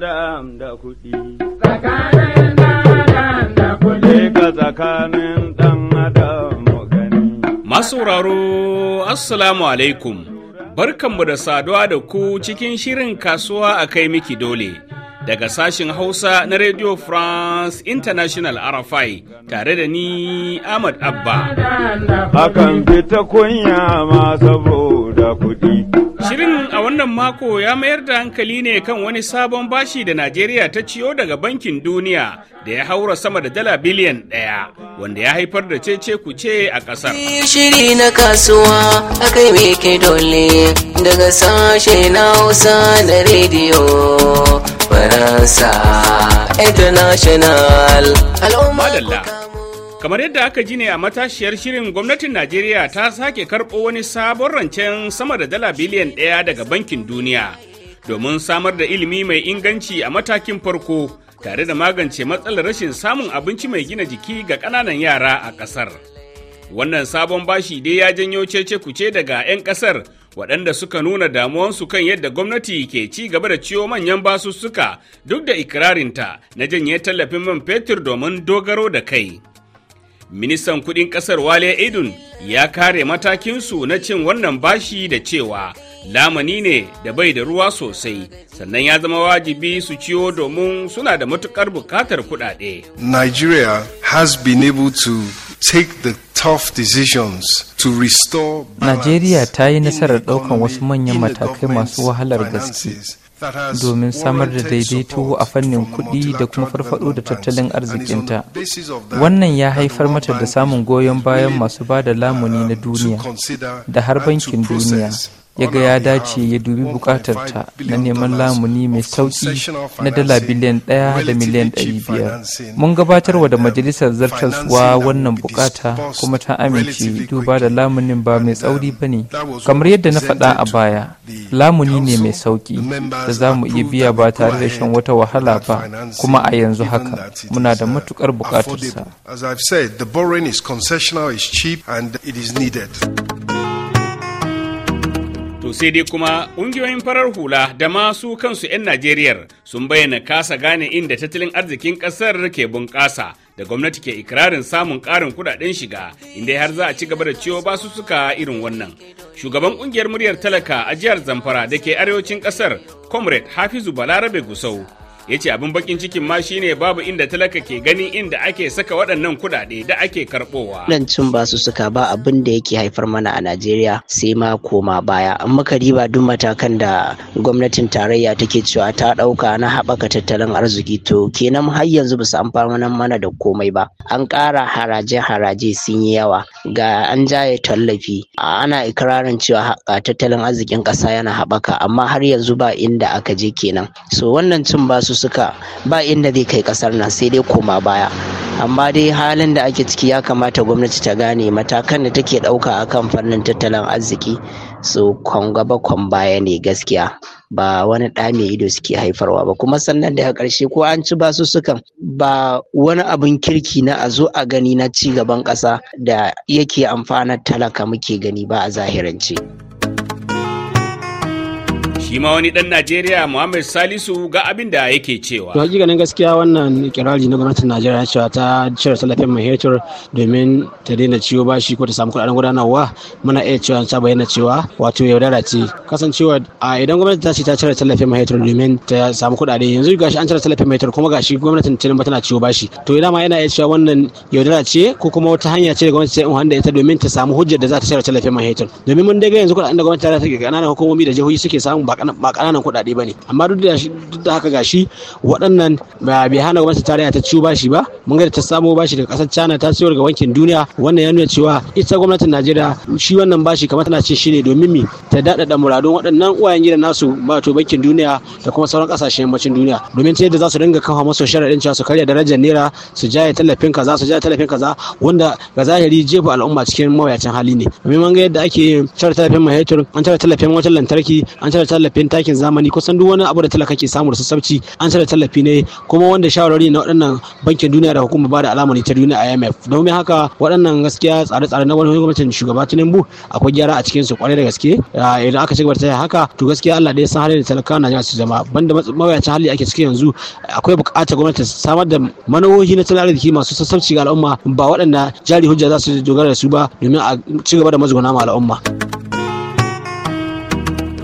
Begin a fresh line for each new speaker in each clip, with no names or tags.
da kuɗi. Tsakanin da kuɗi. Ka tsakanin ɗan adam gani. Masauraro, Assalamu alaikum. Barkanmu da saduwa da ku cikin shirin kasuwa a kai miki dole. Daga sashin Hausa na Radio France International RFI tare da ni Ahmad Abba. Hakan fita kunya ma saboda kuɗi. Shirin a wannan mako ya mayar da hankali ne kan wani sabon bashi da Najeriya ta ciyo daga bankin duniya da ya haura sama da dala biliyan ɗaya wanda ya haifar da cece kuce a ƙasar. Shiri na kasuwa akai me ke dole daga sashe na Hausa da rediyo
Faransa
International.
Madalla.
Kamar yadda aka ji ne a matashiyar shirin gwamnatin Najeriya ta sake karɓo wani sabon rancen sama da dala biliyan ɗaya daga bankin duniya domin samar da ilimi mai inganci a matakin farko tare da magance matsalar rashin samun abinci mai gina jiki ga ƙananan yara a ƙasar. Wannan sabon bashi dai ya janyo cece kuce daga 'yan ƙasar waɗanda suka nuna damuwansu kan yadda gwamnati ke ci gaba da ciwo manyan basussuka duk da ikirarinta na janye tallafin man fetur domin dogaro da kai. Ministan kudin kasar Wale Idun ya kare matakinsu na cin wannan bashi da cewa lamani ne da bai da ruwa sosai sannan ya zama wajibi su ciyo domin suna da matukar bukatar kudade. Nigeria has been able to take the tough decisions to restore
Najeriya ta yi nasarar ɗaukar wasu manyan matakai masu wahalar gaske domin samar da daidaito a fannin kuɗi da kuma farfado da tattalin arzikinta wannan ya haifar mata da samun goyon bayan masu ba da lamuni na duniya da har bankin duniya ya ga ya dace ya dubi bukatarta na neman lamuni mai sauki na dala biliyan ɗaya da miliyan dari biyar mun gabatar wa da majalisar zartar zartaswa wannan bukata kuma ta amince duba da lamunin ba mai tsauri ba ne kamar yadda na faɗa a baya lamuni ne mai sauki da za mu iya biya ba tare da shan wata wahala ba kuma a yanzu haka muna da matukar bukatarsa.
As I've the borrowing is is cheap, and it needed. To sai dai kuma ƙungiyoyin farar hula da masu kansu 'yan Najeriyar sun bayyana kasa gane inda tattalin arzikin ƙasar ke bunƙasa da gwamnati ke ikirarin samun ƙarin kuɗaɗen shiga inda har za a ci gaba da ciwo basu suka irin wannan. Shugaban ƙungiyar muryar talaka a jihar Zamfara da ke arewacin ƙasar, Comrade Hafizu Balarabe Gusau ya ce abin bakin cikin ma shine babu inda talaka ke gani inda ake saka waɗannan kuɗaɗe da ake karɓowa.
Kudancin ba su suka ba abin da yake haifar mana a Najeriya sai ma koma baya. An muka riba duk matakan da gwamnatin tarayya take cewa ta ɗauka na haɓaka tattalin arziki to kenan har yanzu ba su amfana mana da komai ba. An ƙara haraje-haraje sun yi yawa ga an jaye tallafi ana ikirarin cewa tattalin arzikin ƙasa yana haɓaka amma har yanzu ba inda aka je kenan. So wannan cin ba su suka ba inda zai kai kasar nan sai dai koma baya amma dai halin da ake ciki ya kamata gwamnati ta gane matakan da take ɗauka akan fannin tattalin arziki su kwan gaba kwan baya ne gaskiya ba wani ɗa mai ido suke haifarwa ba kuma sannan daga ƙarshe ko an ci basu sukan ba wani abin kirki na a zo a gani na ci gaban ƙasa da yake amfanar talaka muke gani ba a zahirance.
Shi ma wani dan Najeriya Muhammad Salisu ga abin da yake cewa.
To hakikanin gaskiya wannan kirari na gwamnatin Najeriya cewa ta cire tallafin mai hetur domin ta daina ciwo bashi ko ta samu kudaden gudanarwa muna iya cewa ta bayyana cewa wato yaudara ce kasancewa a idan gwamnati ta ce ta cire tallafin mai hetur domin ta samu kudade yanzu gashi an cire tallafin mai hetur kuma gashi gwamnatin Tinubu tana ciwo bashi to idan ma yana iya cewa wannan yaudara ce ko kuma wata hanya ce da gwamnati ta yi da ita domin ta samu hujjar da za ta cire tallafin mai hetur domin mun daga yanzu kuɗaɗen da gwamnati ta ta ƙananan hukumomi da jihohi suke samu ba ba ƙananan kuɗaɗe ba ne amma duk da duk da haka gashi waɗannan bai hana gwamnati tarayya ta ciwo bashi ba mun ga ta samo bashi daga ƙasar China ta siyo daga bankin duniya wannan ya nuna cewa ita gwamnatin Najeriya shi wannan bashi kamar tana ce shi ne domin mi ta daɗaɗa muradun waɗannan uwayen gidan nasu ba to bankin duniya da kuma sauran ƙasashen yammacin duniya domin ta yadda za su dinga kafa masu sharaɗin cewa su karya darajar naira su jaye tallafin kaza su jaye tallafin kaza wanda ga zahiri jefa al'umma cikin mawuyacin hali ne domin mun ga yadda ake cire tallafin mahaitur an cire tallafin wutar lantarki an cire tallafin tallafin takin zamani kusan duk wani abu da talaka ke samu da sassabci an cire tallafi ne kuma wanda shawarwari na waɗannan bankin duniya da hukumar alama ne ta duniya IMF domin haka waɗannan gaskiya tsare-tsare na wani gwamnatin shugaba Tinubu akwai gyara a cikin su kwarai da gaske idan aka cigaba da haka to gaskiya Allah da ya san halin da talaka na su zama banda mawuyacin hali ake ciki yanzu akwai buƙatar gwamnati samar da manohohi na tattalin arziki masu sassabci ga al'umma ba waɗanda jari hujja za su dogara da su ba domin a cigaba da mazguna ma al'umma.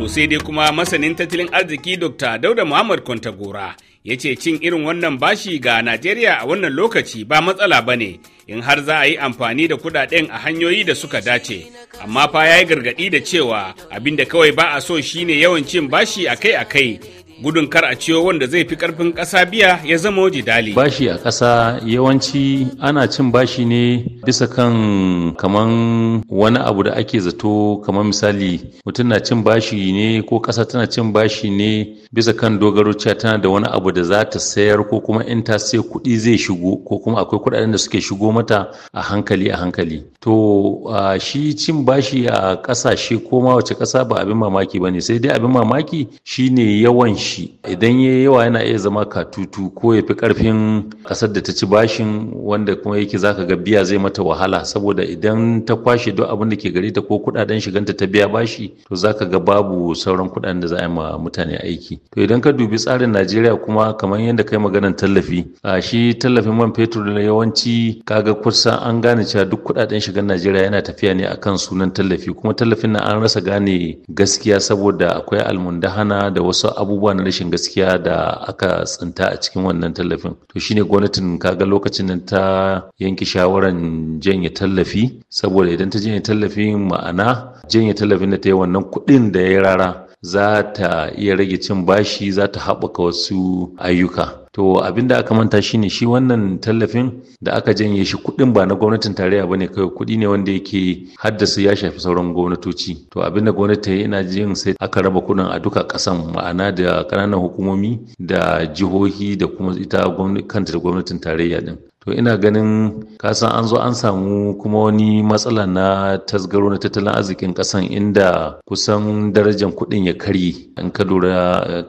To sai dai kuma masanin tattalin arziki Dr. Dauda Muhammad Kwantagora ya ce cin irin wannan bashi ga Najeriya a wannan lokaci ba matsala ba ne in har za a yi amfani da kudaden a hanyoyi da suka dace. Amma fa ya yi gargaɗi da cewa abin da kawai ba a so shine yawan cin bashi akai-akai gudun kar a ciyo wanda zai fi karfin ƙasa biya ya zama wajidali.
Bashi a ƙasa yawanci ana cin bashi ne bisa kan kaman wani abu da ake zato kaman misali mutum na cin bashi ne ko ƙasa tana cin bashi ne bisa kan dogaro tana da wani abu da za ta sayar ko kuma in ta sai kuɗi zai shigo ko kuma akwai kuɗaɗen da suke shigo mata a hankali a hankali. to a shi cin bashi a ƙasashe ko ma wace kasa ba abin mamaki ba ne sai dai abin mamaki shine yawan shi idan ya yawa yana iya zama katutu ko ya fi ƙarfin ƙasar da ta ci bashin wanda kuma yake zaka ga biya zai mata wahala saboda idan ta kwashe duk abin da ke gare ta ko kuɗaɗen shiganta ta biya bashi to zaka ga babu sauran kudaden da za a yi ma mutane aiki to idan ka dubi tsarin Najeriya kuma kamar yadda kai maganar tallafi a shi tallafin man fetur da yawanci kaga kusan an gane cewa duk kuɗaɗen shigar najeriya yana tafiya ne akan sunan tallafi kuma tallafin na an rasa gane gaskiya saboda akwai almundahana da wasu abubuwa na rashin gaskiya da aka tsinta a cikin wannan tallafin to shine gwamnatin kaga lokacin nan ta yanke shawaran janye tallafi saboda idan ta janye tallafin ma'ana janye tallafin da ta yi wannan kuɗin da ya rara za ta iya rage cin bashi za ta haɓaka wasu ayyuka to abin da aka manta shi ne shi wannan tallafin da aka janye shi kuɗin ba na gwamnatin tarayya bane kai kuɗi ne wanda yake haddasa ya shafi sauran gwamnatoci to abin da gwamnati ya ina jin sai aka raba kuɗin a duka ƙasan ma'ana da ƙananan hukumomi da jihohi da kuma ita kanta da gwamnatin tarayya din to ina ganin kasan an zo an samu kuma wani matsala na tasgaro na tattalin arzikin kasan inda kusan darajar kuɗin ya kari in ka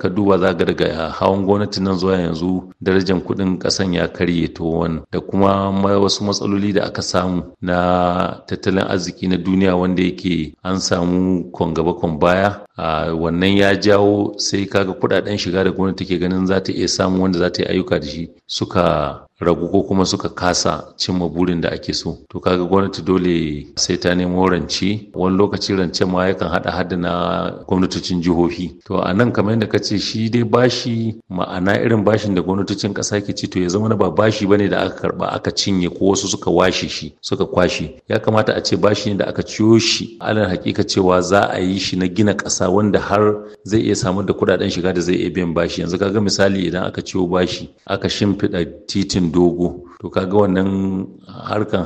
duba za ga daga hawan gwamnati nan zuwa yanzu darajar kuɗin kasan ya karye to wani da kuma wasu matsaloli da aka samu na tattalin arziki na duniya wanda yake an samu kwan gaba kwan baya a wannan ya jawo sai kaga kuɗaɗen shiga da gwamnati ke ganin za ta iya samu wanda za ta yi ayyuka da shi suka ragu ko kuma suka kasa cimma burin da ake so to kaga gwamnati dole sai ta nemo rance wani lokaci rance ma yakan hada hada na gwamnatocin jihohi to a nan kamar yadda ka ce shi dai bashi ma'ana irin bashin da gwamnatocin kasa ke ci to ya zama ba bashi ba ne da aka karba aka cinye ko wasu suka washe shi suka kwashe ya kamata a ce bashi ne da aka ciyo shi alal hakika cewa za a yi shi na gina ƙasa wanda har zai iya samar da kuɗaɗen shiga da zai iya biyan bashi yanzu kaga misali idan aka ciyo bashi aka shimfiɗa titin dogo to kaga wannan harkan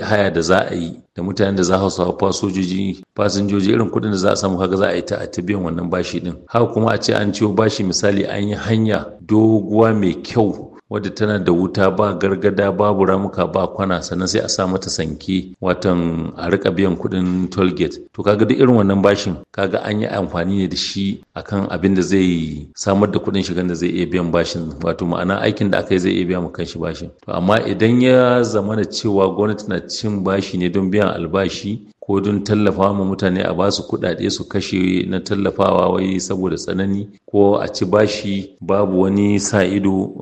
haya da za a yi da mutanen da za su hau fasojoji fasinjoji irin kuɗin da za a samu kaga za a yi ta a biyan wannan bashi din haka kuma a ce an ciwo bashi misali an yi hanya doguwa mai kyau wadda tana da wuta ba gargada babu ramuka ba kwana sannan sai a sa mata sanke watan a rika biyan kuɗin gate. to kaga duk irin wannan bashin kaga an yi amfani ne da shi akan abin da zai samar da kuɗin shigan da zai iya biyan bashin wato ma'ana aikin da aka yi zai iya biya kan shi bashin to amma idan ya zamana cewa gwamnati na cin bashi ne don biyan albashi ko don tallafa mu mutane a basu kuɗaɗe su kashe na tallafawa wai saboda tsanani ko a ci bashi babu wani sa ido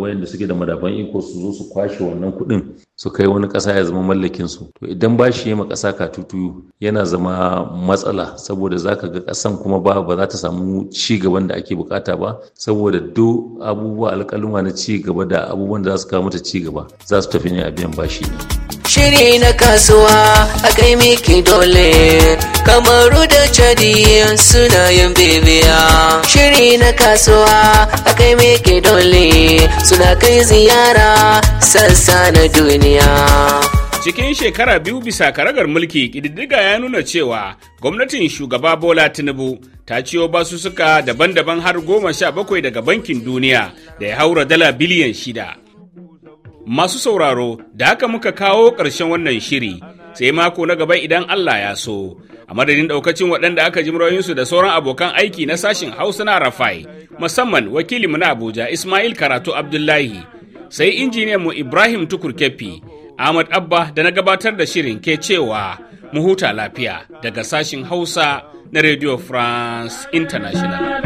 wayanda suke da madafan iko su zo su kwashe wannan kuɗin su kai wani ƙasa ya zama mallakin su to idan bashi ya ma ƙasa katutu yana zama matsala saboda zaka ga ƙasan kuma ba ba za ta samu ci gaban da ake bukata ba saboda duk abubuwa alƙaluma na ci gaba da abubuwan da za su kawo mata ci gaba za su tafi ne a biyan bashi
shiri na kasuwa a kai miki dole kamaru da chadi suna bibiya shiri na kasuwa a kai miki dole suna kai ziyara sassa na duniya cikin shekara biyu bisa karagar mulki ƙididdiga ya nuna cewa gwamnatin shugaba bola tinubu ta ciyo basussuka daban-daban har goma sha bakwai daga bankin duniya da ya haura dala biliyan shida Masu sauraro, da haka muka kawo ƙarshen wannan shiri, sai mako na gaba idan Allah ya so. A madadin ɗaukacin waɗanda aka ji murayinsu da sauran abokan aiki na sashin Hausa na Rafai, musamman wakilinmu na Abuja Ismail Karatu Abdullahi, sai injiniyanmu Ibrahim Tukur Kefi, Ahmad Abba da na gabatar da shirin ke cewa mu huta lafiya daga sashin Hausa na Radio France International.